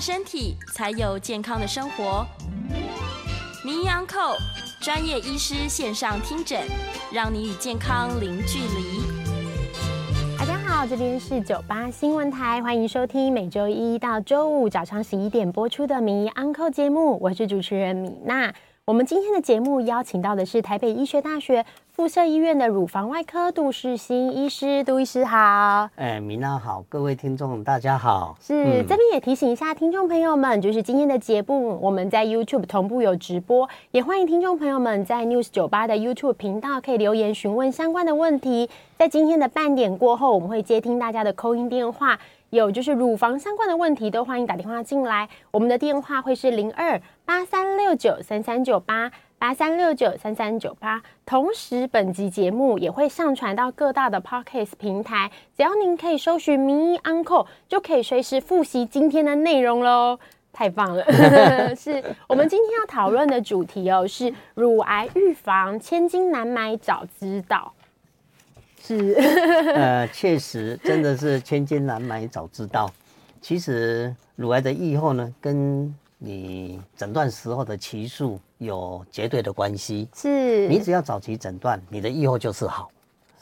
身體才有健康的生活。名醫安扣專業醫師線上聽診，讓你與健康零距離。大家好，這邊是九八新聞台，歡迎收聽每週一到週五早上十一點播出的名醫安扣節目，我是主持人米娜。我們今天的節目邀請到的是台北醫學大學。附設醫院的乳房外科杜世興醫師，杜醫師好。哎、欸，米娜好，各位聽眾大家好。是，嗯、這邊也提醒一下聽眾朋友們，就是今天的節目我們在 YouTube 同步有直播，也歡迎聽眾朋友們在 News 九八的 YouTube 頻道可以留言詢問相關的問題。在今天的半點過後，我們會接聽大家的扣音電話，有就是乳房相關的問題都歡迎打電話進來，我們的電話會是零二八三六九三三九八。八三六九三三九八。98, 同時，本集節目也會上傳到各大的 Podcast 平台，只要您可以搜尋“名醫 Uncle”，就可以隨時複習今天的內容嘍。太棒了！ 是我們今天要討論的主題哦、喔，是乳癌預防，千金難買早知道。是， 呃，確實，真的是千金難買早知道。其實，乳癌的預後呢，跟你診斷時候的期數有絕對的關係，是你只要早期診斷，你的預後就是好。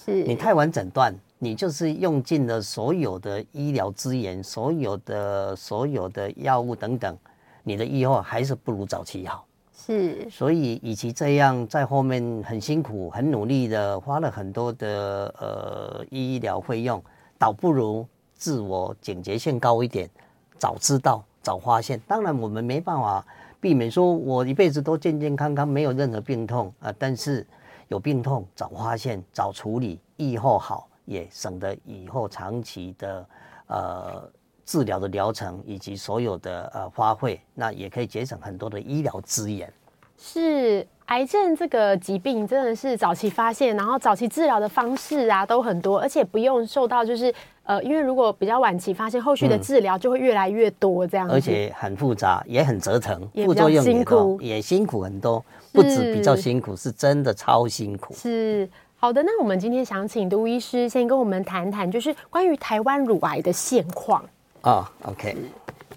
是你太晚診斷，你就是用盡了所有的醫療資源，所有的所有的藥物等等，你的預後還是不如早期好。是，所以與其這樣在後面很辛苦、很努力的花了很多的呃醫療費用，倒不如自我警覺性高一點，早知道。早發現，當然我們沒辦法避免說，我一輩子都健健康康，沒有任何病痛啊、呃。但是有病痛，早發現、早處理，預後好，也省得以後長期的呃治療的療程，以及所有的呃花費，那也可以節省很多的醫療資源。是癌症這個疾病，真的是早期發現，然後早期治療的方式啊，都很多，而且不用受到就是。呃，因為如果比較晚期發現，後續的治療就會越來越多、嗯、這樣而且很複雜，也很折騰，副作用也辛苦，也辛苦很多，是不止比較辛苦，是真的超辛苦。是好的，那我們今天想請杜醫師先跟我們談談，就是關於台灣乳癌的現況啊、哦。OK，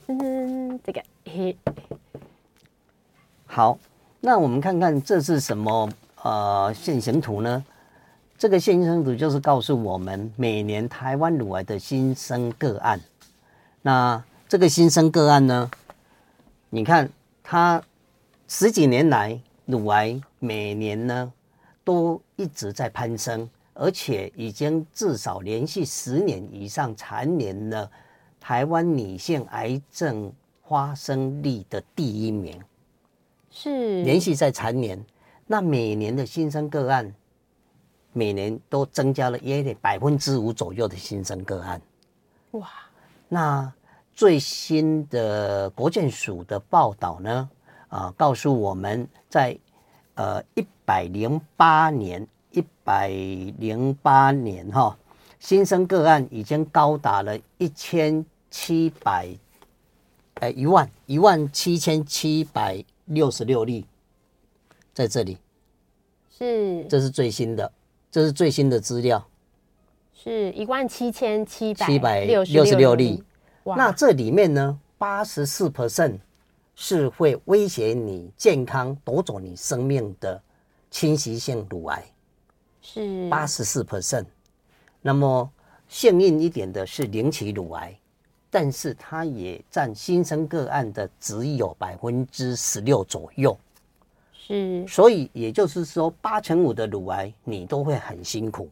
嗯，這個嘿，好，那我們看看這是什麼呃線形圖呢？這個新生圖就是告訴我們，每年台灣乳癌的新生個案。那這個新生個案呢？你看，它十幾年來乳癌每年呢都一直在攀升，而且已經至少連續十年以上蟬聯了台灣女性癌症發生率的第一名，是連續在蟬聯。那每年的新生個案。每年都增加了約百分之五左右的新增個案，哇！那最新的國健署的報道呢？啊，告訴我們在呃一百零八年，一百零八年哈，新增個案已經高達了一千七百，哎，一萬一萬七千七百六十六例，在這裡是，這是最新的。這是最新的資料，是一萬七千七百七百六十六例。那這裡面呢，八十四%是會威脅你健康、奪走你生命的侵襲性乳癌，是八十四%。那麼幸運一點的是，零期乳癌，但是它也佔新生個案的只有百分之十六左右。是，嗯、所以也就是說，八成五的乳癌你都會很辛苦，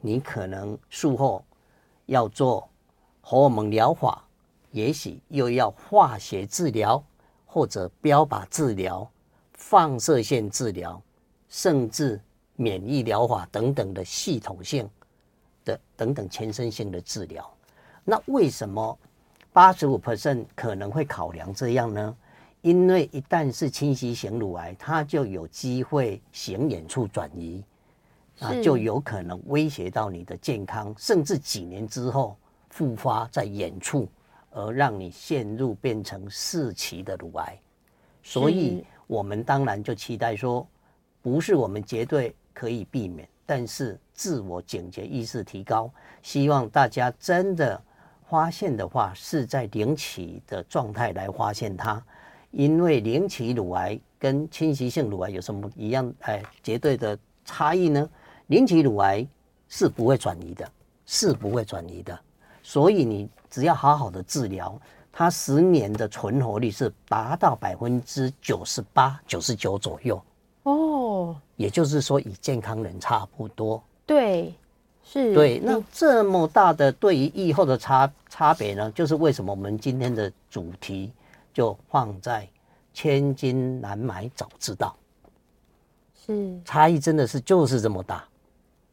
你可能術後要做荷爾蒙療法，也許又要化學治療，或者標靶治療、放射線治療，甚至免疫療法等等的系統性的等等全身性的治療。那為什麼八十五 percent 可能會考量這樣呢？因為一旦是侵襲性乳癌，它就有機會向遠處轉移，啊，是就有可能威脅到你的健康，甚至幾年之後復發在遠處，而讓你陷入變成四期的乳癌。所以，是我們當然就期待說，不是我們絕對可以避免，但是自我警覺意識提高，希望大家真的發現的話，是在零期的狀態來發現它。因為零期乳癌跟侵襲性乳癌有什麼一樣？哎，絕對的差異呢？零期乳癌是不會轉移的，是不會轉移的。所以你只要好好的治療，它十年的存活率是達到百分之九十八、九十九左右哦。Oh, 也就是說，與健康人差不多。對，是。對，那這麼大的對於預後的差差別呢？就是為什麼我們今天的主題？就放在千金難買早知道，是差異真的是就是這麼大，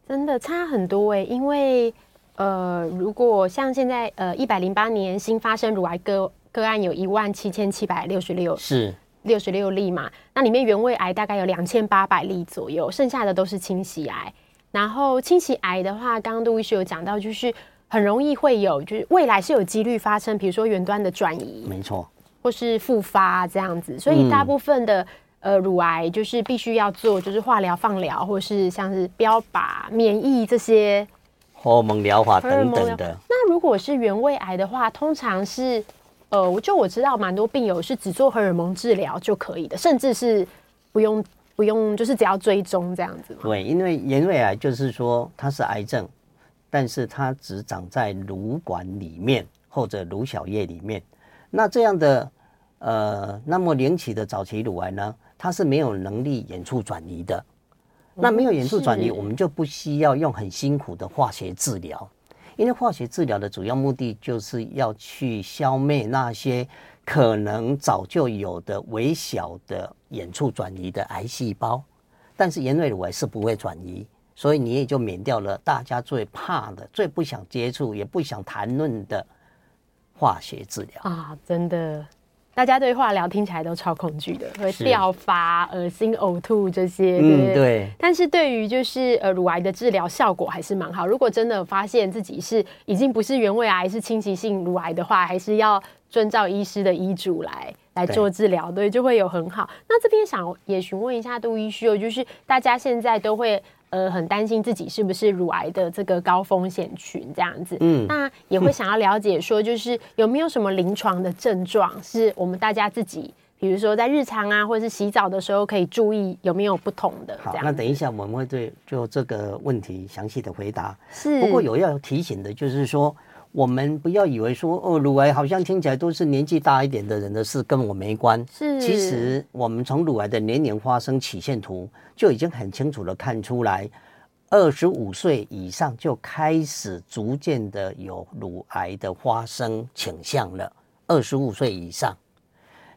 真的差很多哎、欸。因為呃，如果像現在呃，一百零八年新發生乳癌個個案有一萬七千七百六十六是六十六例嘛，是那裡面原位癌大概有兩千八百例左右，剩下的都是侵襲癌。然後侵襲癌的話，剛剛杜醫師有講到，就是很容易會有，就是未來是有幾率發生，比如說遠端的轉移，沒錯。或是復發這樣子，所以大部分的、嗯、呃乳癌就是必須要做，就是化療、放療，或是像是標靶、免疫這些荷爾蒙療法等等的。那如果是原位癌的話，通常是呃，我就我知道蠻多病友是只做荷爾蒙治療就可以的，甚至是不用不用，就是只要追蹤這樣子。對，因為原位癌就是說它是癌症，但是它只長在乳管裡面或者乳小葉裡面。那這樣的，呃，那麼零期的早期乳癌呢，它是沒有能力遠處轉移的。嗯、那沒有遠處轉移，是我們就不需要用很辛苦的化學治療，因為化學治療的主要目的就是要去消滅那些可能早就有的微小的遠處轉移的癌細胞。但是原位乳癌是不會轉移，所以你也就免掉了大家最怕的、最不想接觸、也不想談論的。化學治療啊，真的，大家對化療聽起來都超恐懼的，是會掉髮、噁心、嘔吐這些，對,、嗯、對但是，對於就是呃，乳癌的治療效果還是蠻好。如果真的發現自己是已經不是原位癌，是侵襲性乳癌的話，還是要遵照醫師的醫囑來來做治療，對,對，就會有很好。那這邊想也詢問一下杜醫師哦、喔，就是大家現在都會。呃，很擔心自己是不是乳癌的這個高風險群這樣子，嗯，那也會想要了解說，就是有沒有什麼臨床的症狀，是我們大家自己，比如說在日常啊，或者是洗澡的時候可以注意有沒有不同的。好，那等一下我們會對就這個問題詳細的回答。是，不過有要提醒的，就是說我們不要以為說哦、呃，乳癌好像聽起來都是年紀大一點的人的事，跟我沒關係。是，其實我們從乳癌的年年發生曲線圖。就已經很清楚的看出來，二十五歲以上就開始逐漸的有乳癌的發生傾向了。二十五歲以上，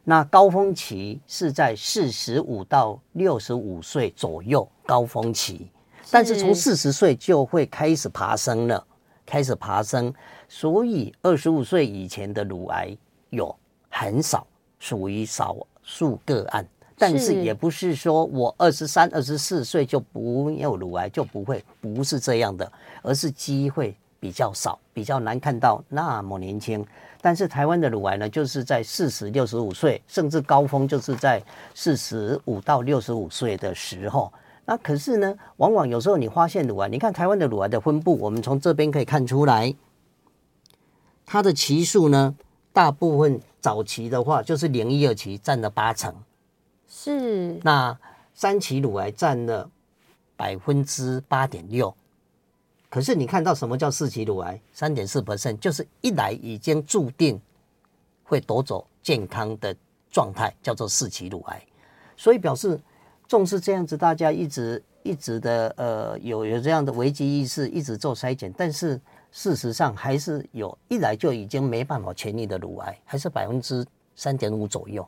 那高峰期是在四十五到六十五歲左右高峰期，是。但是從四十歲就會開始爬升了，開始爬升。所以二十五歲以前的乳癌有很少，屬於少數個案。但是也不是說我二十三、二十四歲就沒有乳癌，就不會，不是這樣的，而是機會比較少，比較難看到那麼年輕。但是台灣的乳癌呢，就是在四十六十五歲，甚至高峰就是在四十五到六十五歲的時候。那可是呢，往往有時候你發現乳癌，你看台灣的乳癌的分布，我們從這邊可以看出來，它的期數呢，大部分早期的話就是零一二期佔了八成。是，那三期乳癌佔了百分之八點六，可是你看到什麼叫四期乳癌？三點四 percent 就是一來已經注定會奪走健康的狀態，叫做四期乳癌。所以表示重視這樣子，大家一直一直的呃有有這樣的危機意識，一直做篩檢，但是事實上還是有一來就已經沒辦法痊癒的乳癌，還是百分之三點五左右，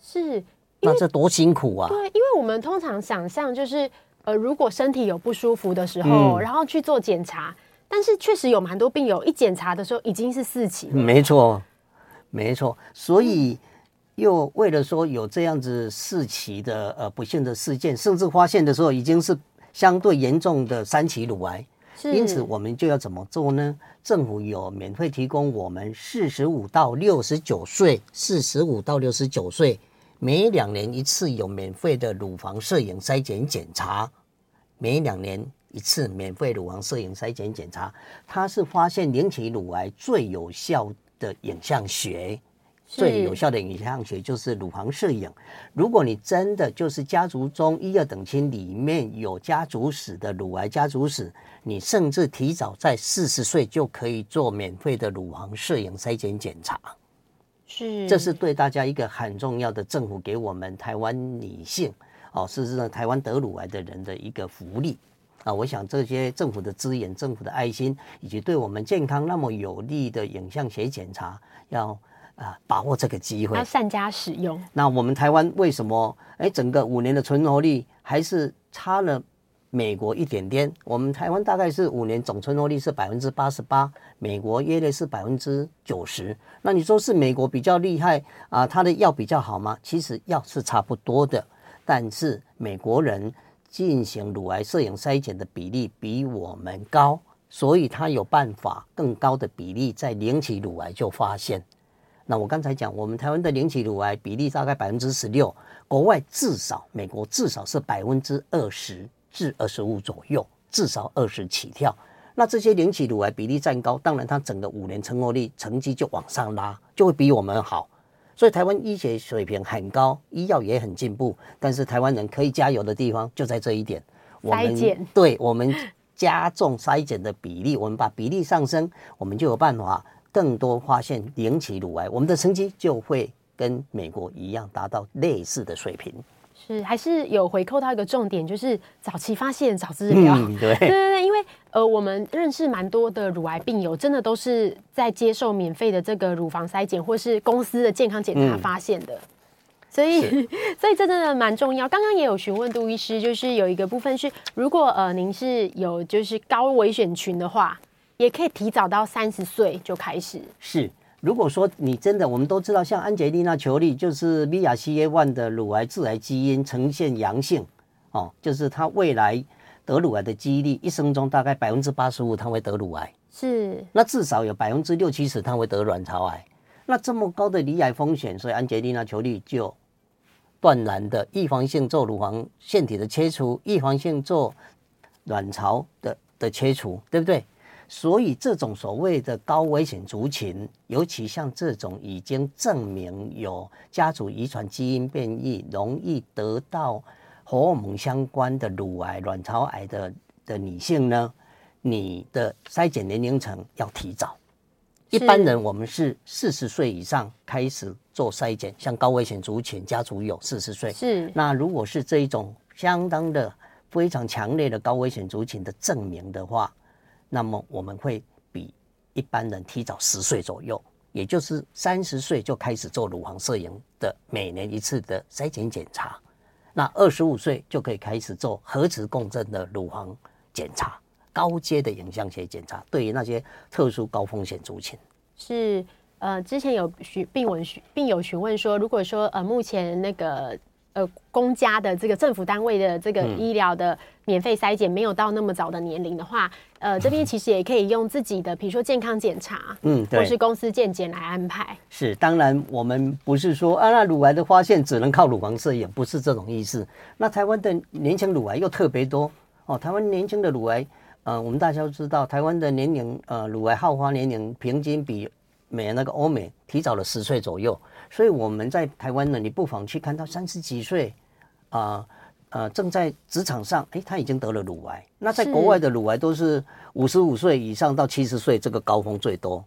是。那這多辛苦啊！對，因為我們通常想象就是，呃，如果身體有不舒服的時候，嗯，然後去做檢查，但是確實有蠻多病友一檢查的時候已經是四期，嗯。沒錯，沒錯，所以又為了說有這樣子四期的呃不幸的事件，甚至發現的時候已經是相對嚴重的三期乳癌，是。因此我們就要怎麼做呢？政府有免費提供我們四十五到六十九歲，四十五到六十九歲。每兩年一次有免費的乳房攝影篩檢檢查，每兩年一次免費乳房攝影篩檢檢查。它是發現零期乳癌最有效的影像學，是最有效的影像學就是乳房攝影。如果你真的就是家族中一二等親裡面有家族史的乳癌家族史，你甚至提早在四十歲就可以做免費的乳房攝影篩檢檢查。是，這是對大家一個很重要的政府給我們台灣女性，哦，事實上台灣得乳癌的人的一個福利啊。我想這些政府的資源、政府的愛心，以及對我們健康那麼有利的影像學檢查，要啊把握這個機會，要善加使用。那我們台灣為什麼哎，整個五年的存活率還是差了美國一點點，我們台灣大概是五年總存活率是百分之八十八，美國約略是百分之九十。那你說是美國比較厲害啊？他的藥比較好嗎？其實藥是差不多的，但是美國人進行乳癌攝影篩檢的比例比我們高，所以他有辦法更高的比例在零期乳癌就發現。那我剛才講，我們台灣的零期乳癌比例大概百分之十六，國外至少美國至少是百分之二十。至二十五左右，至少二十起跳。那這些零期乳癌比例占高，當然它整個五年存活率成績就往上拉，就會比我們好。所以台灣醫學水平很高，醫藥也很進步。但是台灣人可以加油的地方就在這一點。我們，篩檢。對，我們加重篩檢的比例，我們把比例上升，我們就有辦法更多發現零期乳癌，我們的成績就會跟美國一樣達到類似的水平。是、嗯，還是有回扣到一個重點，就是早期發現早治療。嗯、對，對對對，因為呃，我們認識蠻多的乳癌病友，真的都是在接受免費的這個乳房篩檢，或是公司的健康檢查發現的。嗯、所以，是所以這真的蠻重要。剛剛也有詢問杜醫師，就是有一個部分是，如果呃您是有就是高危險群的話，也可以提早到三十歲就開始。是。如果說你真的，我們都知道，像安吉麗娜·裘麗就是 BRCA1 的乳癌致癌基因呈現陽性，哦，就是她未來得乳癌的幾率，一生中大概百分之八十五，她會得乳癌。是，那至少有百分之六七十，她會得卵巢癌。那這麼高的罹癌風險，所以安吉麗娜·裘麗就斷然的預防性做乳房腺體的切除，預防性做卵巢的的切除，對不對？所以，這種所謂的高危險族群，尤其像這種已經證明有家族遺傳基因變異，容易得到荷爾蒙相關的乳癌、卵巢癌的的女性呢，你的篩檢年齡層要提早。是一般人我們是四十歲以上開始做篩檢，像高危險族群，家族有四十歲，是。那如果是這一種相當的非常強烈的高危險族群的證明的話，那麼我們會比一般人提早十歲左右，也就是三十歲就開始做乳房攝影的每年一次的篩檢檢查。那二十五歲就可以開始做核磁共振的乳房檢查，高階的影像學檢查。對於那些特殊高風險族群，是呃，之前有詢病文詢病友詢問說，如果說呃，目前那個呃公家的這個政府單位的這個醫療的免費篩檢沒有到那麼早的年齡的話。嗯呃，這邊其實也可以用自己的，比如說健康檢查，嗯，或是公司健檢來安排。是，當然我們不是說啊，那乳癌的發現只能靠乳房攝影，不是這種意思。那台灣的年輕乳癌又特別多哦，台灣年輕的乳癌，呃，我們大家都知道，台灣的年齡呃，乳癌好發年齡平均比美那個歐美提早了十歲左右，所以我們在台灣呢，你不妨去看到三十幾歲啊。呃呃，正在職場上，欸，他已經得了乳癌。那在國外的乳癌都是五十五歲以上到七十歲這個高峰最多。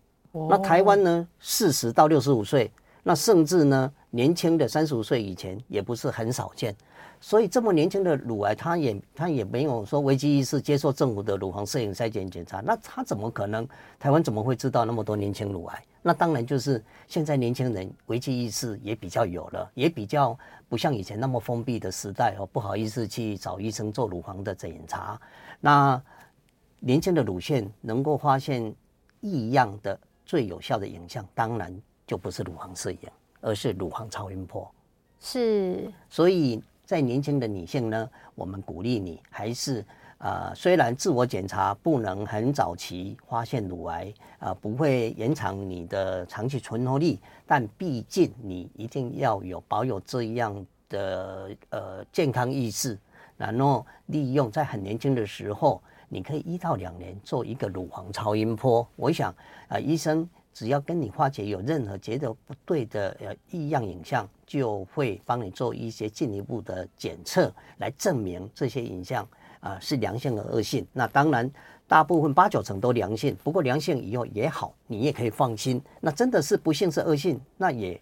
那台灣呢，四十到六十五歲，那甚至呢，年輕的三十五歲以前也不是很少見。所以這麼年輕的乳癌，他也他也沒有說危機意識，接受政府的乳房攝影篩檢檢查，那他怎麼可能？台灣怎麼會知道那麼多年輕乳癌？那當然就是現在年輕人危機意識也比較有了，也比較不像以前那麼封閉的時代哦，不好意思去找醫生做乳房的檢查。那年輕的乳腺能夠發現異樣的最有效的影像，當然就不是乳房攝影，而是乳房超音波。是，所以。在年輕的女性呢，我們鼓勵你還是啊、呃，雖然自我檢查不能很早期發現乳癌啊、呃，不會延長你的長期存活率，但畢竟你一定要有保有這樣的呃健康意識，然後利用在很年輕的時候，你可以一到兩年做一個乳房超音波。我想啊、呃，醫生只要跟你化解有任何覺得不對的呃異樣影像，就會幫你做一些進一步的檢測，來證明這些影像啊是良性和惡性。那當然，大部分八九成都良性，不過良性以後也好，你也可以放心。那真的是不幸是惡性，那也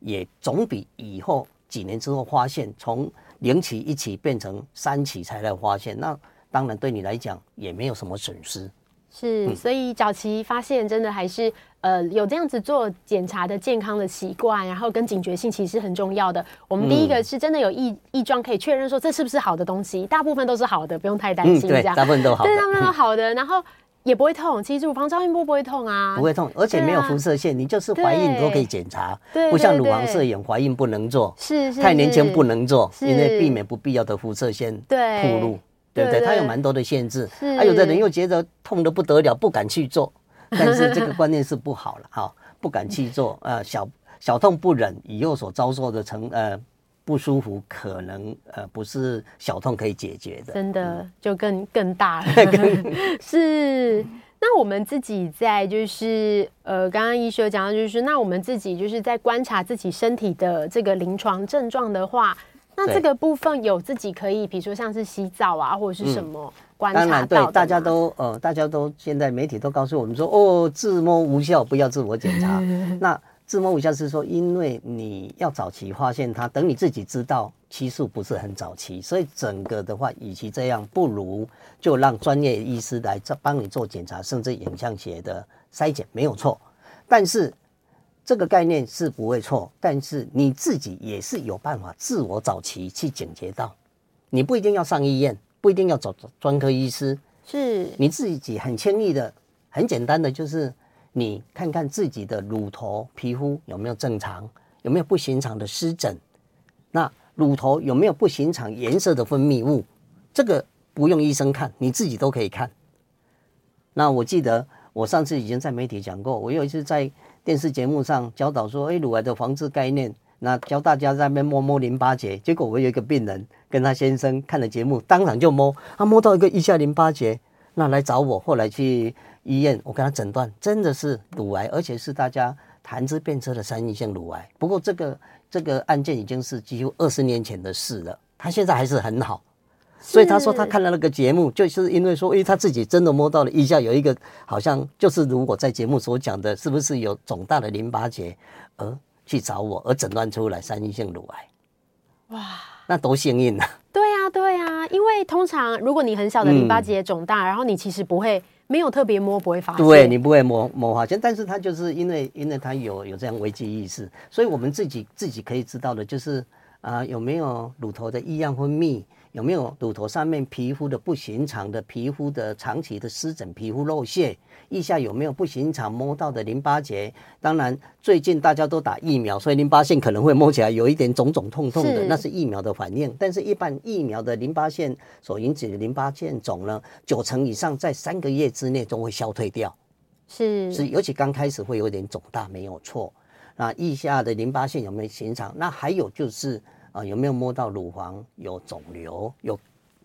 也總比以後幾年之後發現，從零期一期變成三期才來發現，那當然對你來講也沒有什麼損失。是，所以早期發現真的還是呃有這樣子做檢查的健康的習慣，然後跟警覺性其實很重要的。我們第一個是真的有異異狀，可以確認說這是不是好的東西，大部分都是好的，不用太擔心這樣。對，大部分都好，對，大部分都好的，然後也不會痛。其實乳房超音波不會痛啊，不會痛，而且沒有輻射線，你就是懷孕都可以檢查，不像乳房攝影懷孕不能做，是是太年輕不能做，因為避免不必要的輻射線暴露。對，對對，他有蠻多的限制，還是、啊、有的人又覺得痛得不得了，不敢去做。但是這個觀念是不好了，哈、 哦，不敢去做，呃，小小痛不忍，以後所遭受的成，呃，不舒服可能呃不是小痛可以解決的。真的就更更大了。 是，那我們自己在就是呃，剛剛醫師講到就是，那我們自己就是在觀察自己身體的這個臨床症狀的話。那這個部分有自己可以，比如說像是洗澡啊，或者是什麼觀察到嗎、嗯。當然，對大家都呃，大家都現在媒體都告訴我們說，哦，自摸無效，不要自我檢查。 那自摸無效是說，因為你要早期發現它，等你自己知道期數不是很早期，所以整個的話，與其這樣，不如就讓專業醫師來這幫你做檢查，甚至影像學的篩檢，沒有錯。但是。這個概念是不會錯，但是你自己也是有辦法自我早期去警覺到，你不一定要上醫院，不一定要找專科醫師，是你自己很輕易的、很簡單的，就是你看看自己的乳頭皮膚有沒有正常，有沒有不尋常的濕疹，那乳頭有沒有不尋常顏色的分泌物，這個不用醫生看，你自己都可以看。那我記得。我上次已經在媒體講過，我有一次在電視節目上教導說，哎，乳癌的防治概念，那教大家在那邊摸摸淋巴結，結果我有一個病人跟他先生看了節目，當場就摸，他摸到一個腋下淋巴結，那來找我，後來去醫院，我給他診斷，真的是乳癌，而且是大家談之變色的三陰性乳癌。不過這個這個案件已經是幾乎二十年前的事了，他現在還是很好。是所以他說他看了那個節目，就是因為說，因為，他自己真的摸到了腋下有一個，好像就是如果在節目所講的，是不是有腫大的淋巴結，而去找我，而診斷出來三陰性乳癌，哇，那多幸運啊！對呀、啊，對呀、啊，因為通常如果你很小的淋巴結腫大，嗯、然後你其實不會沒有特別摸不會發現，對你不會摸摸發現，但是他就是因為因為他有有這樣危機意識，所以我們自己自己可以知道的就是啊、呃，有沒有乳頭的異樣分泌。有沒有乳頭上面皮膚的不尋常的皮膚的長期的濕疹、皮膚漏屑？腋下有沒有不尋常摸到的淋巴結？當然，最近大家都打疫苗，所以淋巴腺可能會摸起來有一點腫腫痛痛的，那是疫苗的反應。但是，一般疫苗的淋巴腺所引起的淋巴腺腫呢，九成以上在三個月之內都會消退掉。是，是，尤其剛開始會有點腫大，沒有錯。啊，腋下的淋巴腺有沒有尋常？那還有就是。啊，有沒有摸到乳房有腫瘤，有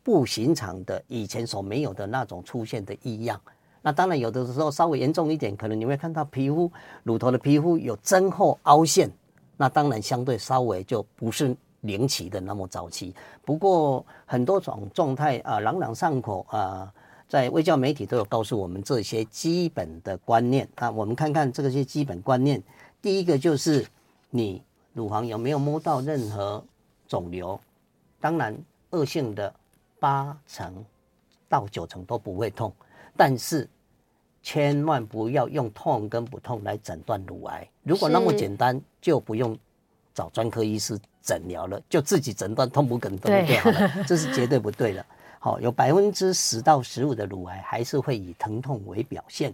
不尋常的以前所沒有的那種出現的異樣？那當然有的時候稍微嚴重一點，可能你會看到皮膚乳頭的皮膚有增厚、凹陷。那當然相對稍微就不是零期的那麼早期。不過很多種狀態啊，朗朗上口啊，在衛教媒體都有告訴我們這些基本的觀念。啊，我們看看這些基本觀念，第一個就是你乳房有沒有摸到任何，腫瘤，當然惡性的八成到九成都不會痛，但是千萬不要用痛跟不痛來診斷乳癌。如果那麼簡單，是就不用找專科醫師診療了，就自己診斷痛不痛，就對這是絕對不對的。好、 哦，有百分之十到十五的乳癌還是會以疼痛為表現。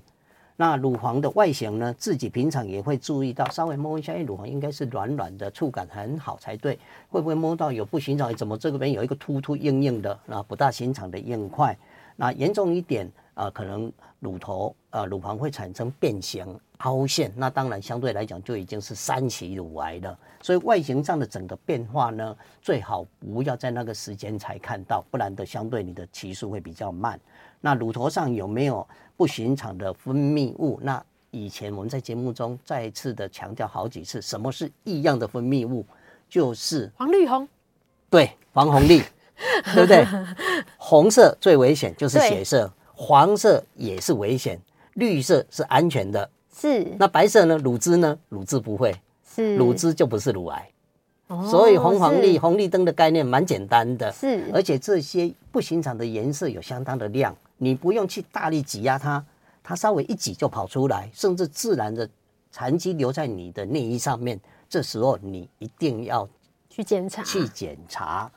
那乳房的外形呢？自己平常也會注意到，稍微摸一下，乳房應該是軟軟的，觸感很好才對。會不會摸到有不尋常？怎麼這個邊有一個凸凸硬硬的？那、啊、不大尋常的硬塊。那嚴重一點啊、呃，可能乳頭啊、呃、乳房會產生變形、凹陷。那當然相對來講就已經是三期乳癌了。所以外形上的整個變化呢，最好不要在那個時間才看到，不然的相對你的期數會比較慢。那乳頭上有沒有？不尋常的分泌物。那以前我們在節目中再次的強調好幾次，什麼是異樣的分泌物？就是黃綠紅，對，黃紅綠， 對不對？紅色最危險，就是血色；對黃色也是危險，綠色是安全的。是。那白色呢？乳汁呢？乳汁不會，是乳汁就不是乳癌。哦。所以紅黃綠，是紅綠燈的概念蠻簡單的。是。而且這些不尋常的顏色有相當的量。你不用去大力擠壓它，它稍微一擠就跑出來，甚至自然的殘疾留在你的內衣上面。這時候你一定要去檢查，去檢查，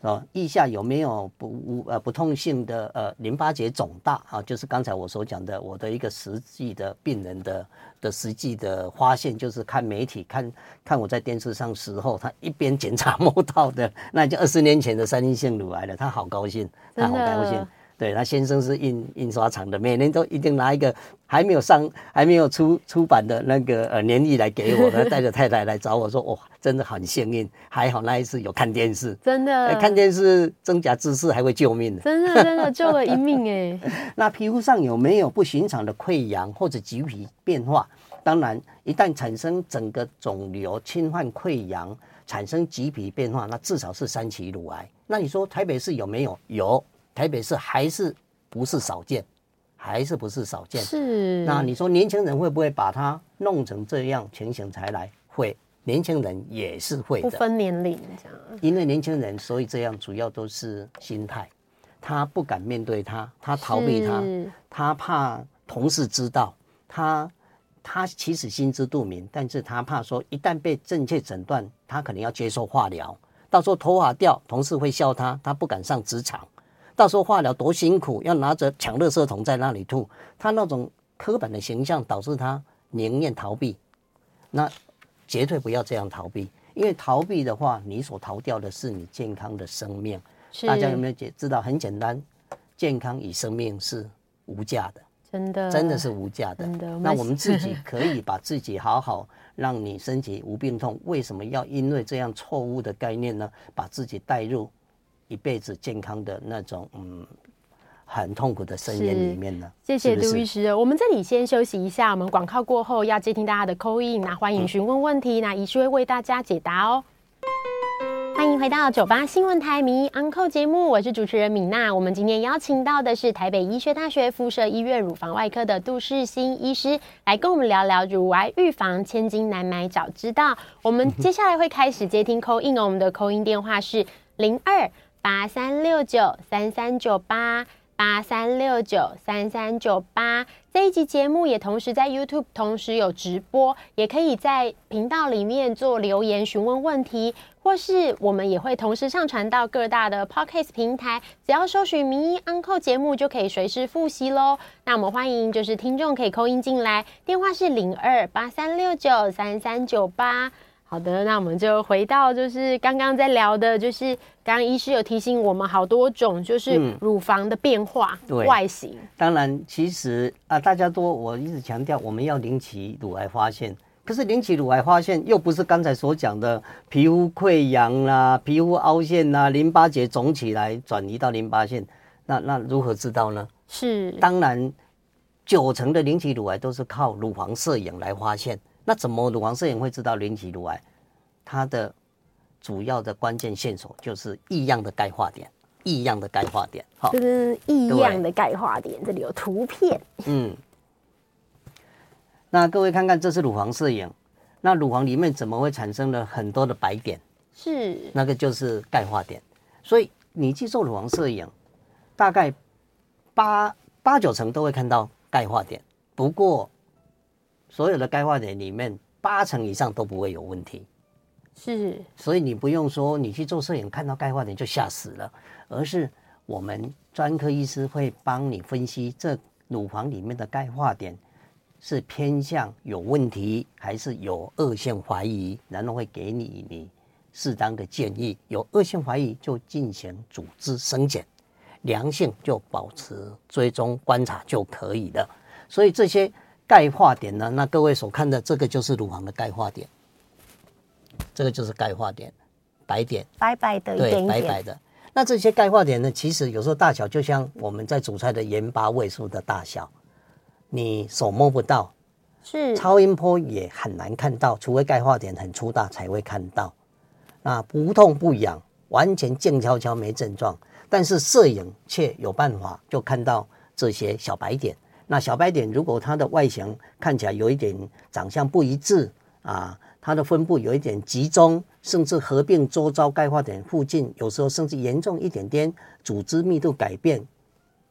是、呃、腋下有沒有不呃不痛性的呃淋巴結腫大啊？就是剛才我所講的，我的一個實際的病人的的實際的發現，就是看媒體看看我在電視上時候，他一邊檢查摸到的，那就二十年前的三陰性乳癌了。他好高興，他好高興。的對，他先生是印印刷廠的，每年都一定拿一個還沒有上還沒有出出版的那個呃年曆來給我的，他 帶着太太來找我說，哇、哦，真的很幸運，還好那一次有看電視，真的看電視增加知識還會救命，真的真的救了一命哎。 那皮膚上有沒有不尋常的潰瘍或者橘皮變化？當然，一旦產生整個腫瘤侵犯潰瘍，產生橘皮變化，那至少是三期乳癌。那你說台北市有沒有？有。台北市還是不是少見，還是不是少見？是。那你說年輕人會不會把它弄成這樣情形才來？會，年輕人也是會的。不分年齡這樣。因為年輕人，所以這樣主要都是心態，他不敢面對他，他逃避他，是他怕同事知道他，他其實心知肚明，但是他怕說一旦被正確診斷，他可能要接受化療，到時候頭髮掉，同事會笑他，他不敢上職場。要說化療多辛苦，要拿着搶垃圾桶在那裡吐，他那種刻板的形象導致他寧願逃避。那絕對不要這樣逃避，因為逃避的話，你所逃掉的是你健康的生命。是大家有沒有解知道？很簡單，健康與生命是無價的，真的，真的是無價的。的那我們自己可以把自己好好，讓你身體無病痛。 為什麼要因為這樣錯誤的概念呢？把自己帶入。一輩子健康的那種，嗯，很痛苦的聲音裡面呢。謝謝杜醫師，是是我們這裡先休息一下。我們廣告過後要接聽大家的 call in。那歡迎詢問問題，那醫師會為大家解答哦。嗯、歡迎回到九八新聞台《迷 Uncle》節目，我是主持人米娜。我們今天邀請到的是台北醫學大學附設醫院乳房外科的杜世興醫師，來跟我們聊聊乳癌預防，千金難買早知道。我們接下來會開始接聽 call in。哦， 我們的 call in 電話是零二。八三六九三三九八，八三六九三三九八。98, 98, 這一集節目也同時在 YouTube 同時有直播，也可以在頻道裡面做留言詢問問題，或是我們也會同時上傳到各大的 Podcast 平台，只要搜尋“名醫 Uncle” 節目就可以隨時複習嘍。那我們歡迎就是聽眾可以扣音進來，電話是零二八三六九三三九八。好的，那我們就回到就是剛剛在聊的，就是剛剛醫師有提醒我們好多種，就是乳房的變化、嗯、對外形型。當然，其實啊，大家都我一直強調，我們要零期乳癌發現。可是零期乳癌發現又不是剛才所講的皮膚潰瘍啦、皮膚凹陷啦、啊、淋巴結腫起來轉移到淋巴腺。那那如何知道呢？是，當然，九成的零期乳癌都是靠乳房攝影來發現。那怎麼乳房攝影會知道零期乳癌？它的主要的關鍵線索就是異樣的鈣化點，異樣的鈣化點。好，就是異樣的鈣化點，對這裡有圖片。嗯，那各位看看，這是乳房攝影，那乳房裡面怎麼會產生了很多的白點？是，那個就是鈣化點。所以你去做乳房攝影，大概八八九成都會看到鈣化點。不過，所有的鈣化點裡面，八成以上都不會有問題，是。所以你不用說你去做攝影看到鈣化點就嚇死了，而是我們專科醫師會幫你分析這乳房裡面的鈣化點是偏向有問題，還是有惡性懷疑，然後會給你你適當的建議。有惡性懷疑就進行組織生檢，良性就保持追蹤觀察就可以了。所以這些。鈣化點呢？那各位所看的這個就是乳房的鈣化點，這個就是鈣化點，白點，白白的點點，對，白白的。那這些鈣化點呢，其實有時候大小就像我們在煮菜的鹽巴味素的大小，你手摸不到，是超音波也很難看到，除非鈣化點很粗大才會看到。那不痛不癢，完全靜悄悄沒症狀，但是攝影卻有辦法就看到這些小白點。那小白點如果它的外形看起來有一點長相不一致啊，它的分布有一點集中，甚至合併周遭鈣化點附近，有時候甚至嚴重一點點組織密度改變，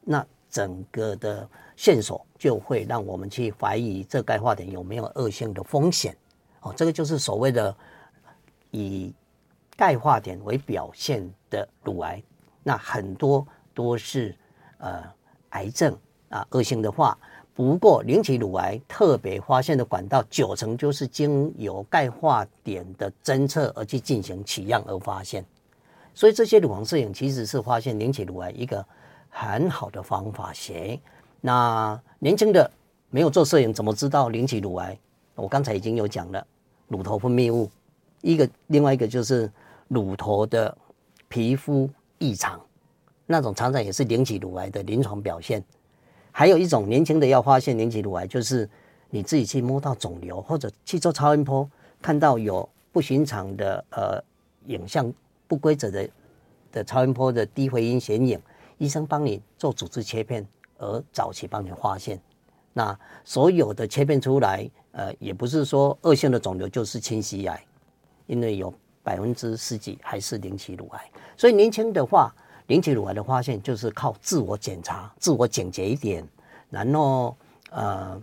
那整個的線索就會讓我們去懷疑這鈣化點有沒有惡性的風險哦。這個就是所謂的以鈣化點為表現的乳癌，那很多都是呃癌症。啊，惡性的話，不過，零期乳癌特別發現的管道，九成就是經由鈣化點的偵測而去進行取樣而發現。所以，這些乳房攝影其實是發現零期乳癌一個很好的方法學。那年輕的沒有做攝影，怎麼知道零期乳癌？我剛才已經有講了，乳頭分泌物，一個另外一個就是乳頭的皮膚異常，那種常常也是零期乳癌的臨床表現。還有一種年輕的要發現零期乳癌，就是你自己去摸到腫瘤，或者去做超音波看到有不尋常的呃影像，不規則的的超音波的低回音顯影，醫生幫你做組織切片而早期幫你發現。那所有的切片出來，呃，也不是說惡性的腫瘤就是侵襲癌，因為有百分之十幾還是零期乳癌，所以年輕的話。引起乳癌的發現就是靠自我檢查、自我簡潔一點，然後呃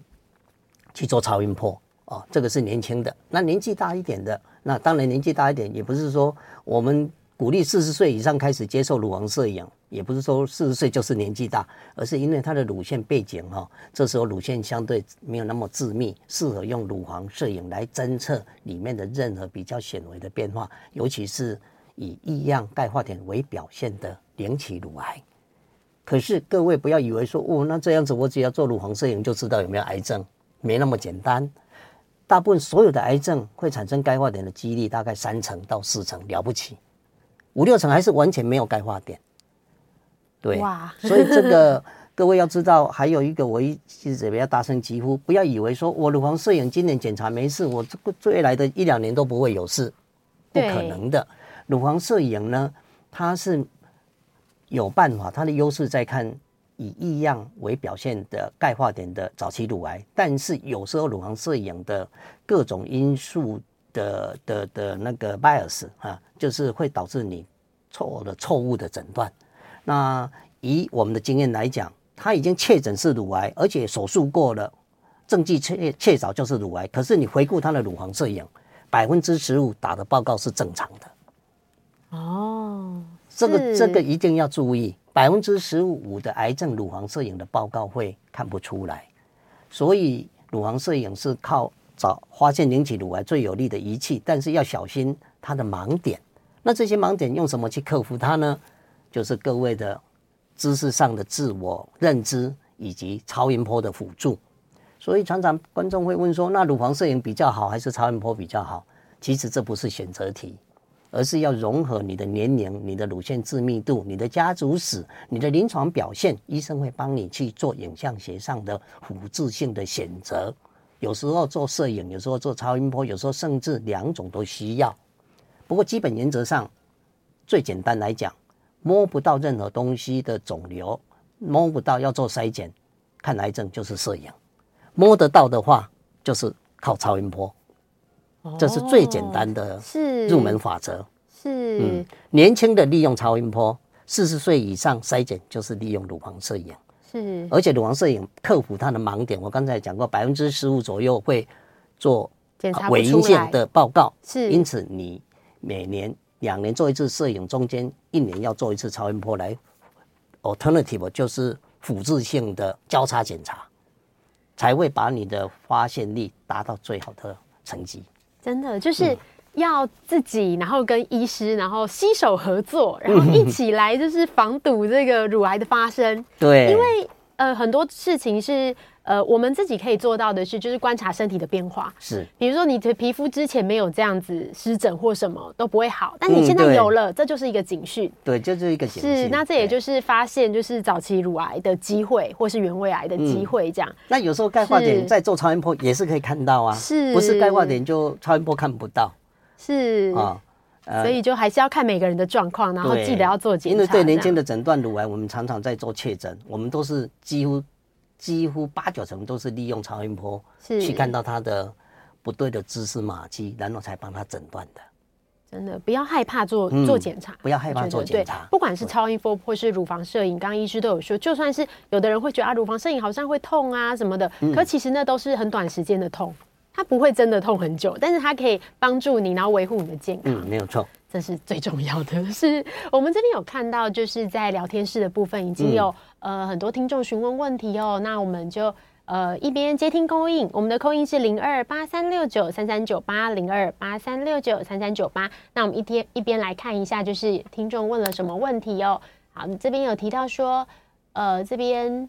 去做超音波哦，這個是年輕的。那年紀大一點的，那當然年紀大一點也不是說我們鼓勵四十歲以上開始接受乳房攝影，也不是說四十歲就是年紀大，而是因為它的乳腺背景哈、哦，這時候乳腺相對沒有那麼致密，適合用乳房攝影來偵測裡面的任何比較顯微的變化，尤其是以異樣鈣化點為表現的。引起乳癌，可是各位不要以為說哦，那這樣子我只要做乳房攝影就知道有沒有癌症，沒那麼簡單。大部分所有的癌症會產生鈣化點的幾率大概三成到四成，了不起，五六成還是完全沒有鈣化點。對，哇 所以這個各位要知道，還有一個我一直特別大聲疾呼，不要以為說我乳房攝影今年檢查沒事，我這個未來的一兩年都不會有事，不可能的。對乳房攝影呢，它是。有辦法，它的優勢在看以異樣為表現的鈣化點的早期乳癌，但是有時候乳房攝影的各種因素的的的那個 bias 啊，就是會導致你錯的、錯誤的診斷。那以我們的經驗來講，他已經確診是乳癌，而且手術過了，證據確確鑿就是乳癌，可是你回顧他的乳房攝影，百分之十五打的報告是正常的。哦。這個這個一定要注意，百分之十五的癌症，乳房攝影的報告會看不出來，所以乳房攝影是靠找發現、引起乳癌最有力的儀器，但是要小心它的盲點。那這些盲點用什麼去克服它呢？就是各位的知識上的自我認知以及超音波的輔助。所以常常觀眾會問說，那乳房攝影比較好還是超音波比較好？其實這不是選擇題。而是要融合你的年齡、你的乳腺致密度、你的家族史、你的臨床表現，醫生會幫你去做影像學上的輔助性的選擇。有時候做攝影，有時候做超音波，有時候甚至兩種都需要。不過基本原則上，最簡單來講，摸不到任何東西的腫瘤，摸不到要做篩檢，看癌症就是攝影；摸得到的話，就是靠超音波。這是最簡單的入門法則，哦。是，是嗯，年輕的利用超音波，四十歲以上篩檢就是利用乳房攝影。是，而且乳房攝影克服它的盲點。我剛才講過15，百分之十五左右會做偽陰性的報告。是，因此你每年兩年做一次攝影中間，中間一年要做一次超音波來 alternative，就是輔助性的交叉檢查，才會把你的發現力達到最好的成績。真的就是要自己，然後跟醫師，然後攜手合作，然後一起來，就是防堵這個乳癌的發生。 對，因為。呃，很多事情是呃，我們自己可以做到的是，就是觀察身體的變化。是，比如說你的皮膚之前沒有這樣子濕疹或什麼都不會好，但你現在有了，嗯、對，這就是一個警訊。對，就是一個警訊。是，那這也就是發現就是早期乳癌的機會，對或是原位癌的機會這樣、嗯。那有時候鈣化點在做超音波也是可以看到啊，是不是鈣化點就超音波看不到？是啊。哦呃、所以就還是要看每個人的狀況，然後記得要做檢查。因為對年輕的診斷乳癌，樣我們常常在做確診，我們都是幾乎幾乎八九成都是利用超音波去看到他的不對的蛛絲馬跡，然後才幫他診斷的。真的不要害怕做做檢查，不要害怕做檢查，嗯、不要害怕做檢查，不管是超音波或是乳房攝影，剛剛對醫師都有說，就算是有的人會覺得啊乳房攝影好像會痛啊什麼的，嗯、可其實那都是很短時間的痛。它不會真的痛很久，但是它可以幫助你，然後維護你的健康。嗯，沒有錯，這是最重要的。是我們這邊有看到，就是在聊天室的部分已經有、嗯、呃很多聽眾詢問問題哦。那我們就呃一邊接聽 c a 我們的 c 音是零二八三六九三三九八零二八三六九三三九八。那我們一天一邊來看一下，就是聽眾問了什麼問題哦。好，我這邊有提到說，呃，這邊。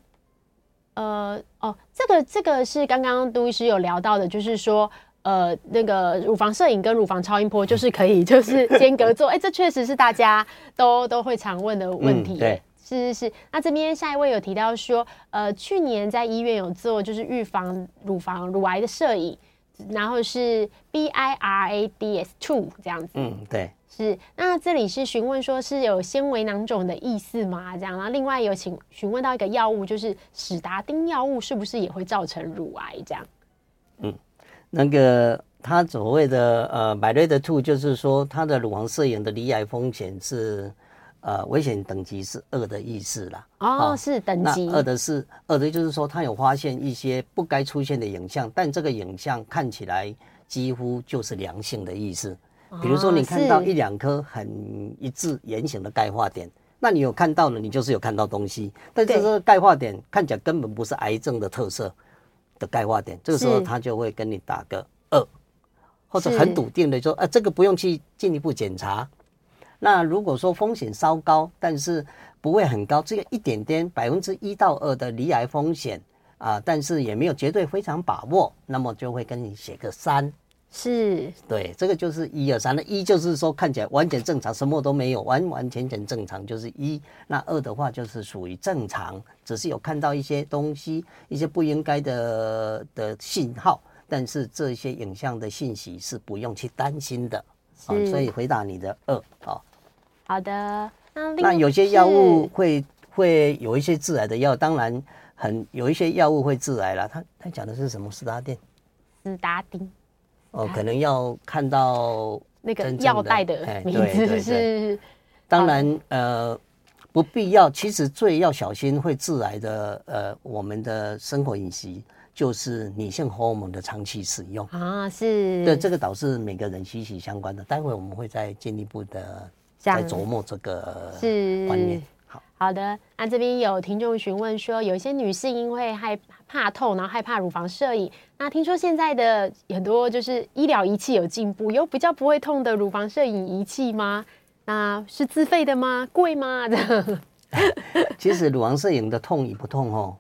呃哦，這個這個是剛剛杜醫師有聊到的，就是說，呃，那個乳房攝影跟乳房超音波就是可以就是間隔做，哎、 欸，這確實是大家都都會常問的問題，嗯、對，是是是。那這邊下一位有提到說，呃，去年在醫院有做就是預防乳房乳癌的攝影，然後是 B I R A D S two 這樣子，嗯，對。是，那這裡是詢問說是有纖維囊腫的意思嗎？這樣，然後另外有請詢問到一個藥物，就是史達丁藥物是不是也會造成乳癌？這樣，嗯，那個他所謂的呃 BI-RADS 2就是說他的乳房攝影的罹癌風險是呃危險等級是二的意思啦。哦，哦是等級二的是二的，就是說他有發現一些不該出現的影像，但這個影像看起來幾乎就是良性的意思。比如說你看到一兩顆很一致圓形的鈣化點，啊、那你有看到了，你就是有看到東西。但是這個鈣化點看起來根本不是癌症的特色的鈣化點，對這個時候他就會跟你打個二是，或者很篤定的說，啊、呃，這個不用去進一步檢查。那如果說風險稍高，但是不會很高，這個一點點百分之一到二的離癌風險啊，但是也沒有絕對非常把握，那麼就會跟你寫個三。是對，這個就是一二三那一就是說看起來完全正常，什麼都沒有，完完全全正常，就是一。那二的話就是屬於正常，只是有看到一些東西，一些不應該的的信號，但是這些影像的信息是不用去擔心的，是、啊。所以回答你的二啊，好的。那,那有些藥物會是會,會有一些致癌的藥，當然很有一些藥物會致癌了。他他講的是什麼？史達丁，史達丁。哦，可能要看到那個藥袋的名字是、欸，當然、啊、呃，不必要。其實最要小心會致癌的，呃，我們的生活飲食，就是女性荷爾蒙的長期使用啊，是，對，這個倒是每個人息息相關的。待會我們會再進一步的再琢磨這個觀念。好，好的，那、啊、這邊有聽眾詢問說，有一些女性因為害怕痛，然後害怕乳房攝影。那聽說現在的很多就是醫療儀器有進步，有比較不會痛的乳房攝影儀器嗎？那、啊、是自費的嗎？貴嗎？ 其實乳房攝影的痛與不痛哦，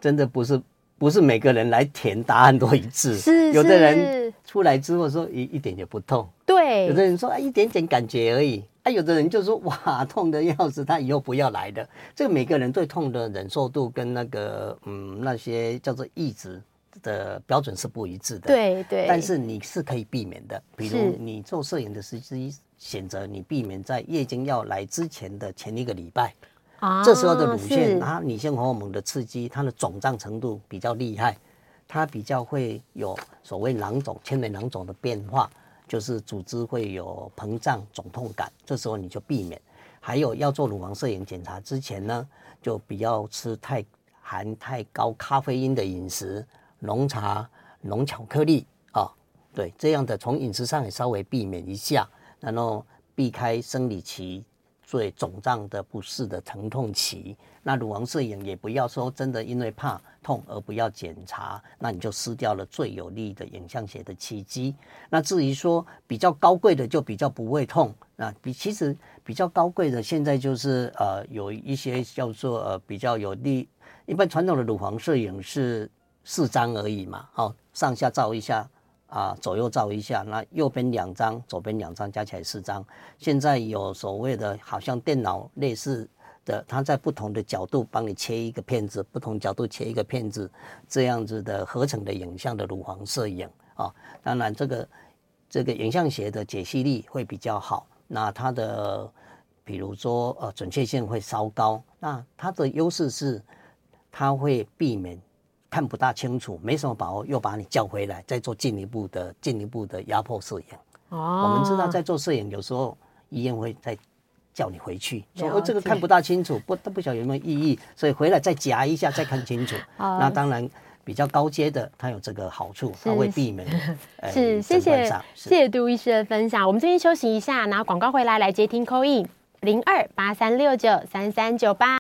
真的不是不是每個人來填答案都一致。是是。有的人出來之後說一一點也不痛。對。有的人說啊，一點點感覺而已。還、哎，有的人就說，哇痛得要死，他以後不要來的。這個每個人對痛的忍受度跟那個嗯那些叫做閾值的標準是不一致的。對對。對，但是你是可以避免的，比如你做攝影的時機是選擇，你避免在月經要來之前的前一個禮拜。啊。這時候的乳腺啊，女是性荷爾蒙的刺激，它的腫脹程度比較厲害，它比較會有所謂囊腫、纖維囊腫的變化。就是組織會有膨脹、腫痛感，這時候你就避免。還有要做乳房攝影檢查之前呢，就不要吃太含太高咖啡因的飲食，濃茶、濃巧克力啊，對，這樣的從飲食上也稍微避免一下，然後避開生理期。最腫脹的不適的疼痛期，那乳房攝影也不要說真的因為怕痛而不要檢查，那你就失掉了最有利的影像學的契機。那至於說比較高貴的，就比較不會痛。那比其實比較高貴的，現在就是呃有一些叫做呃比較有利。一般傳統的乳房攝影是四張而已嘛，好、哦，上下照一下。啊，左右照一下，那右邊兩張，左邊兩張，加起來四張。現在有所謂的，好像電腦類似的，它在不同的角度幫你切一個片子，不同角度切一個片子，這樣子的合成的影像的乳房攝影啊。當然，這個這個影像學的解析力會比較好，那它的比如說呃準確性會稍高，那它的優勢是它會避免。看不大清楚，沒什麼把握，又把你叫回來，再做進一步的、進一步的壓迫攝影。哦，我們知道在做攝影，有時候醫院會再叫你回去，所以解、呃、這個看不大清楚，不，都不曉得有沒有意義，所以回來再夾一下， 再看清楚。好那當然比較高階的，他有這個好處，他 會避免。是，謝謝是謝謝杜醫師的分享。我們這邊休息一下，然後廣告回來，來接聽 call in 零二八三六九三三九八。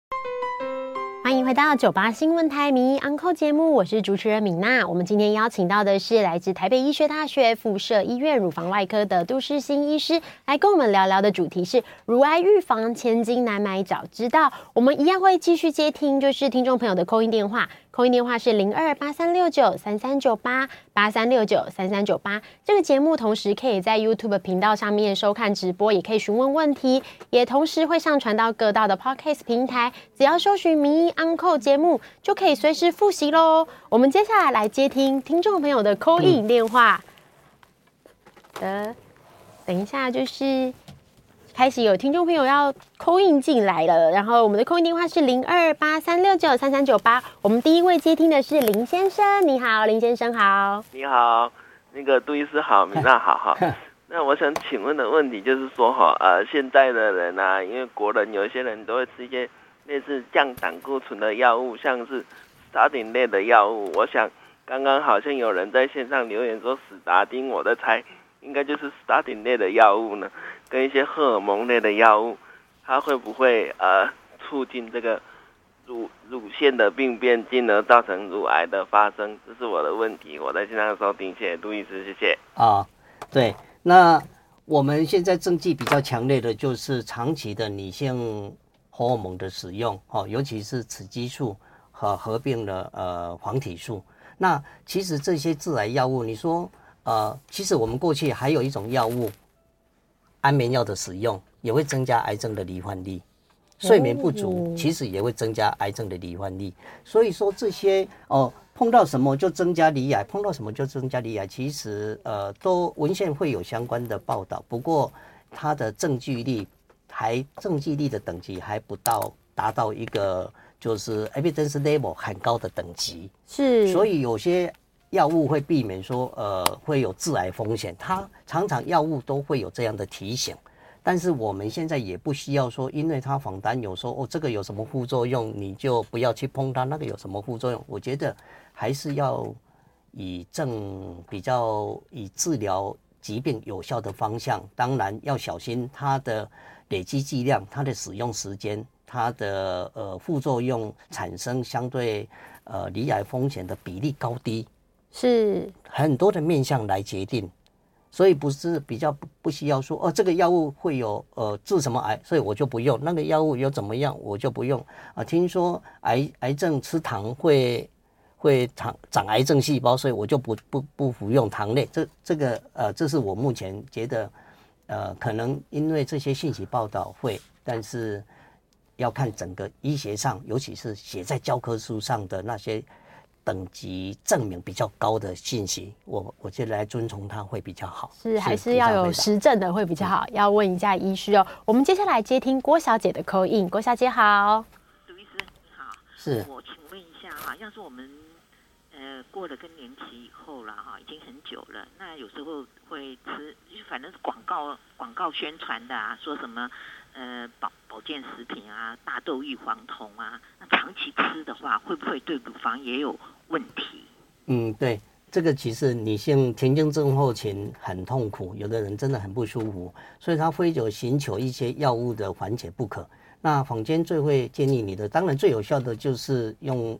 歡迎回到九八新聞台《名醫 ON CALL》節目，我是主持人米娜。我們今天邀請到的是來自台北醫學大學附設醫院乳房外科的杜世興醫師，來跟我們聊聊的主題是“乳癌預防，千金難買早知道”。我們一樣會繼續接聽，就是聽眾朋友的 call in 電話。Call in 電話是零二八三六九三三九八八三六九三三九八。這個節目同時可以在 YouTube 頻道上面收看直播，也可以詢問問題，也同時會上傳到各大的 Podcast 平台。只要搜尋“名醫 Uncle” 節目，就可以隨時復習嘍。我們接下來來接聽聽眾朋友的 Call in、嗯、電話。呃，等一下就是。開始有聽眾朋友要 call in 進來了，然後我們的 call in 電話是零二八三六九三三九八。98，我們第一位接聽的是林先生，你好，林先生好，你好，那個杜醫師好，米娜好好。 那我想請問的問題就是說哈，呃，現在的人啊，因為國人有一些人都會吃一些類似降膽固醇的藥物，像是 statin 類的藥物。我想剛剛好像有人在線上留言說史達丁。我在猜應該就是 statin 類的藥物呢。跟一些荷爾蒙類的藥物，它會不會呃促進這個乳乳腺的病變，進而造成乳癌的發生？這是我的問題。我在現場收聽，謝謝杜醫師，謝謝。啊、呃，對，那我們現在證據比較強烈的，就是長期的女性荷爾蒙的使用，哦、呃，尤其是雌激素和合併的呃黃體素。那其實這些致癌藥物，你說呃，其實我們過去還有一種藥物。安眠藥的使用也會增加癌症的罹患率，睡眠不足其實也會增加癌症的罹患率。嗯、所以說這些哦，碰到什麼就增加罹癌，碰到什麼就增加罹癌，其實呃，都文獻會有相關的報道，不過它的證據力還證據力的等級還不到達到一個就是 evidence level 很高的等級，是，所以有些。藥物會避免說，呃，會有致癌風險。它常常藥物都會有這樣的提醒，但是我們現在也不需要說，因為它仿單有說哦，這個有什麼副作用，你就不要去碰它。那個有什麼副作用？我覺得還是要以正比較以治療疾病有效的方向。當然要小心它的累積劑量、它的使用時間、它的呃副作用產生相對呃罹癌風險的比例高低。是很多的面向來決定，所以不是比較不不需要說哦，這個藥物會有呃治什麼癌，所以我就不用那個藥物；有怎麼樣，我就不用啊。聽說癌癌症吃糖會會長長癌症細胞，所以我就不不不服用糖類。這這個呃，這是我目前覺得呃，可能因為這些信息報道會，但是要看整個醫學上，尤其是寫在教科書上的那些。等級證明比較高的信息，我我就來遵從它會比較好。是，是還是要有實證的會比較好。嗯、要問一下醫師哦。我們接下來接聽郭小姐的 call in。郭小姐好。杜醫師你好，是我請問一下哈，要是我們呃過了更年期以後了哈，已經很久了，那有時候會吃，就反正廣告廣告宣傳的啊，說什麼。呃，保保健食品啊，大豆異黃酮啊，那長期吃的話，會不會對乳房也有問題？嗯，對，這個其實女性停經症候群很痛苦，有的人真的很不舒服，所以他非有尋求一些藥物的緩解不可。那坊間最會建議你的，當然最有效的就是用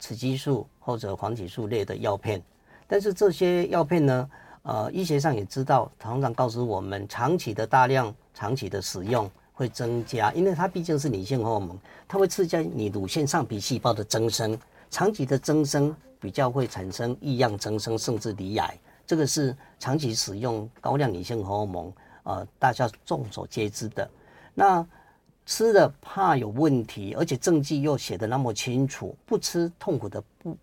雌激素或者黃體素類的藥片，但是這些藥片呢，呃，醫學上也知道，常常告訴我們，長期的大量、長期的使用會增加，因為它畢竟是女性荷爾蒙，它會刺激你乳腺上皮細胞的增生，長期的增生比較會產生異樣增生，甚至罹癌。這個是長期使用高量女性荷爾蒙，呃，大家眾所皆知的。那吃了怕有問題，而且證據又寫得那麼清楚，不吃痛苦的不。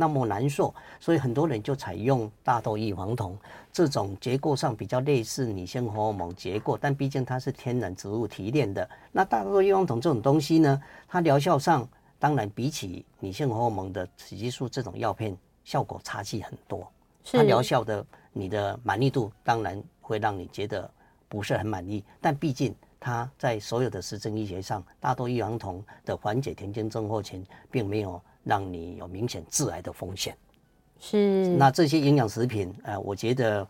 那麼難受，所以很多人就採用大豆異黃酮這種結構上比較類似女性荷爾蒙結構，但畢竟它是天然植物提煉的。那大豆異黃酮這種東西呢，它療效上當然比起女性荷爾蒙的雌激素這種藥片效果差距很多，是它療效的你的滿意度當然會讓你覺得不是很滿意，但畢竟它在所有的實證醫學上，大豆異黃酮的緩解更年期症候群並沒有讓你有明顯致癌的風險，是那這些營養食品，呃，我覺得，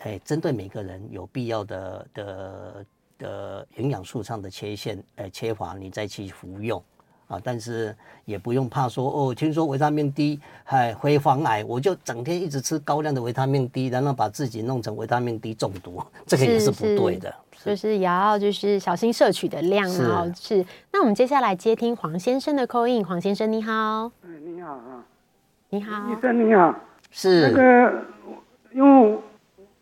哎、欸，針對每個人有必要的的的營養素上的缺陷、欸，切缺乏你再去服用啊，但是也不用怕說，哦，聽說維他命 D 還會防癌，我就整天一直吃高量的維他命 D，然後把自己弄成維他命 D 中毒，這個也是不對的，是是是就是也要就是小心攝取的量啊，是，是。那我們接下來接聽黃先生的 call in，黃先生你好。你好，你好，醫生你好，是那個，因為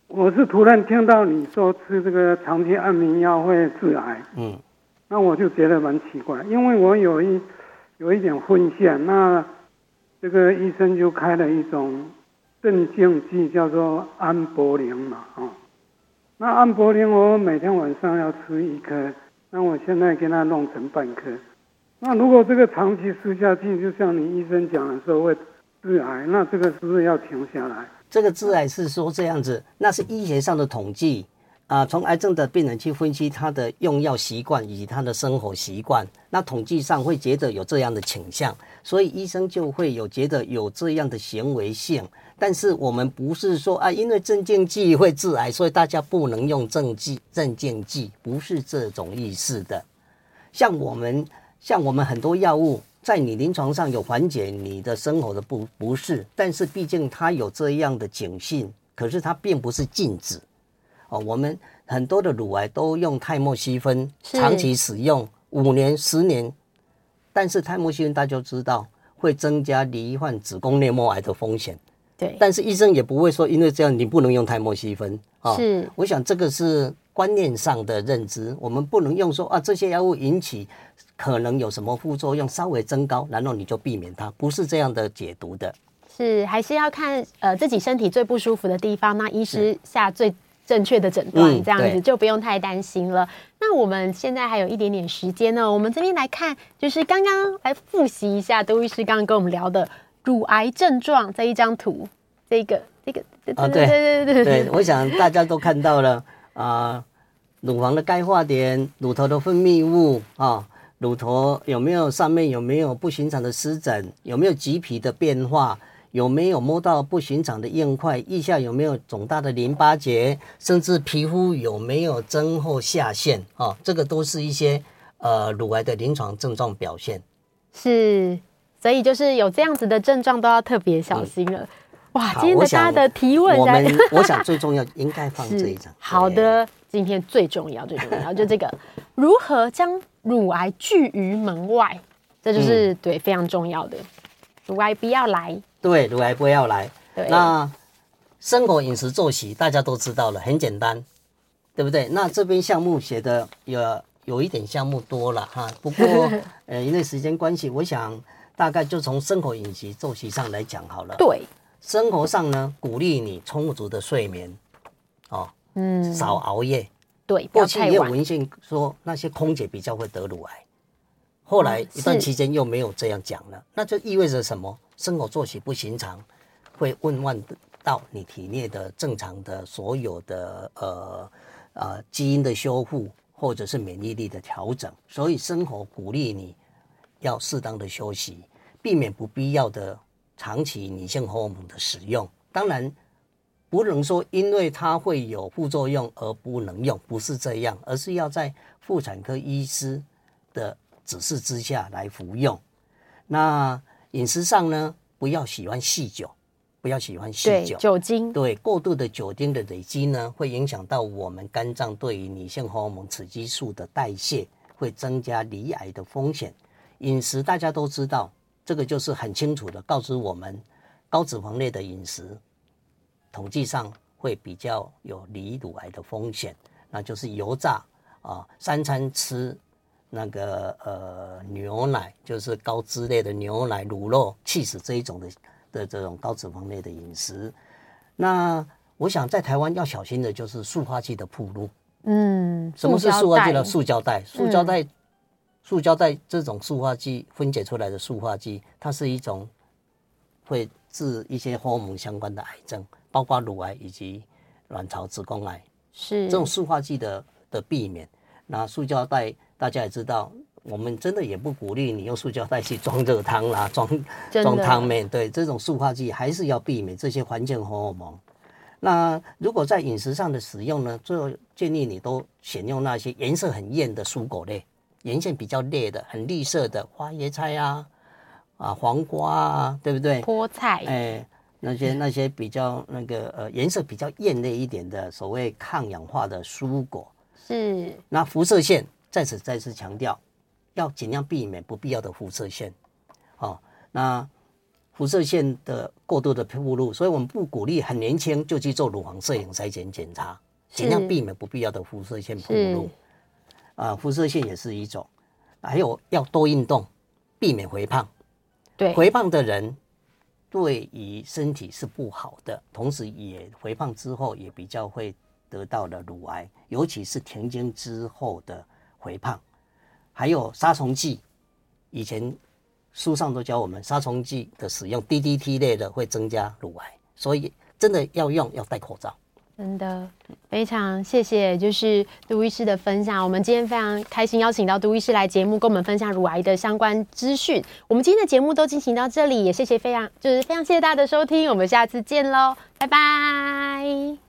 我是突然聽到你說吃這個長期安眠藥會致癌，嗯，那我就覺得蠻奇怪，因為我有一有一點昏眩，那這個醫生就開了一種鎮靜劑，叫做安博林嘛，哦，那安博林我每天晚上要吃一顆，那我現在給它弄成半顆，那如果這個長期吃下去，就像你醫生講的時候會。致癌，那這個是不是要停下來？這個致癌是說，這樣子，那是醫學上的統計啊。從癌症的病人去分析他的用藥習慣以及他的生活習慣，那統計上會覺得有這樣的傾向，所以醫生就會有覺得有這樣的行為性。但是我們不是說啊，因為鎮靜劑會致癌，所以大家不能用鎮劑、鎮靜劑，不是這種意思的。像我們，像我們很多藥物。在你臨床上有緩解你的生活的不不適，但是畢竟它有這樣的警訊，可是它並不是禁止。哦，我們很多的乳癌都用泰莫西芬長期使用五是年、十年，但是泰莫西芬大家知道會增加罹患子宮內膜癌的風險。對，但是醫生也不會說因為這樣你不能用泰莫西芬啊。哦、是，我想這個是，觀念上的認知，我們不能用說啊，這些藥物引起可能有什麼副作用，稍微增高，然後你就避免它，不是這樣的解讀的。是還是要看呃自己身體最不舒服的地方，那醫師下最正確的診斷，是這樣子、嗯、就不用太擔心了。對那我們現在還有一點點時間呢，我們這邊來看，就是剛剛來複習一下杜醫師剛剛跟我們聊的乳癌症狀這一張圖，這個這個哦、啊，對對對對對，對 我想大家都看到了。啊、呃，乳房的鈣化點，乳頭的分泌物啊、哦，乳頭有沒有上面有沒有不尋常的濕疹，有沒有橘皮的變化，有沒有摸到不尋常的硬塊，腋下有沒有腫大的淋巴結，甚至皮膚有沒有增厚下陷啊、哦，這個都是一些呃乳癌的臨床症狀表現。是，所以就是有這樣子的症狀都要特別小心了。嗯哇！好今天的，大家的提問，我，我們 我想最重要應該放這一張。好的，今天最重要最重要 就這個，如何將乳癌拒於門外？這就是、嗯、對非常重要的，乳癌不要來。對，乳癌不要來。對，那生活飲食作息大家都知道了，很簡單，對不對？那這邊項目寫的有有一點項目多了哈，不過呃因為時間關係，我想大概就從生活飲食作息上來講好了。對。生活上呢，鼓勵你充足的睡眠，哦，嗯，少熬夜，對，不要太晚。過去也有文獻說那些空姐比較會得乳癌，嗯，後來一段期間又沒有這樣講了，是那就意味着什麼？生活作息不尋常，會紊亂到你體內的正常的所有的呃呃基因的修復或者是免疫力的調整。所以生活鼓勵你要適當的休息，避免不必要的。長期女性荷爾蒙的使用，當然不能說因為它會有副作用而不能用，不是這樣，而是要在婦產科醫師的指示之下來服用。那飲食上呢，不要喜歡酗酒，不要喜歡酗酒，酒精對過度的酒精的累積呢，會影響到我們肝臟對於女性荷爾蒙雌激素的代謝，會增加罹癌的風險。飲食大家都知道。這個就是很清楚的告知我們，高脂肪類的飲食，統計上會比較有罹乳癌的風險。那就是油炸啊，三餐吃那個呃牛奶，就是高脂類的牛奶、乳酪、起司這一種的的這種高脂肪類的飲食。那我想在台灣要小心的就是塑化劑的暴露。嗯，什麼是塑化劑呢？嗯、塑膠袋，塑膠袋。塑膠袋，這種塑化劑分解出來的塑化劑，它是一種會致一些荷爾蒙相關的癌症，包括乳癌以及卵巢子宮癌。是這種塑化劑的的避免。那塑膠袋大家也知道，我們真的也不鼓勵你用塑膠袋去裝這個湯啦，裝裝湯麵。對，這種塑化劑還是要避免這些環境荷爾蒙。那如果在飲食上的使用呢，就建議你都選用那些顏色很豔的蔬果類。沿線比較烈的，很綠色的花椰菜啊，啊黃瓜啊，對不對？菠菜。欸、那些那些比較那個呃顏色比較豔麗一點的，所謂抗氧化的蔬果。是。那輻射線在此再次強調，要盡量避免不必要的輻射線。哦,那輻射線的過度的暴露，所以我們不鼓勵很年輕就去做乳房攝影篩檢檢查，盡是量避免不必要的輻射線暴露。啊，輻射線也是一種，還有要多運動，避免肥胖。對，肥胖的人對於身體是不好的，同時也肥胖之後也比較會得到了乳癌，尤其是停經之後的肥胖，還有殺蟲劑，以前書上都教我們殺蟲劑的使用，DDT 類的會增加乳癌，所以真的要用要戴口罩。真的非常謝謝，就是杜醫師的分享。我們今天非常開心邀請到杜醫師來節目，跟我們分享乳癌的相關資訊。我們今天的節目都進行到這裡，也謝謝非常，就是非常謝謝大家的收聽。我們下次見囉，拜拜。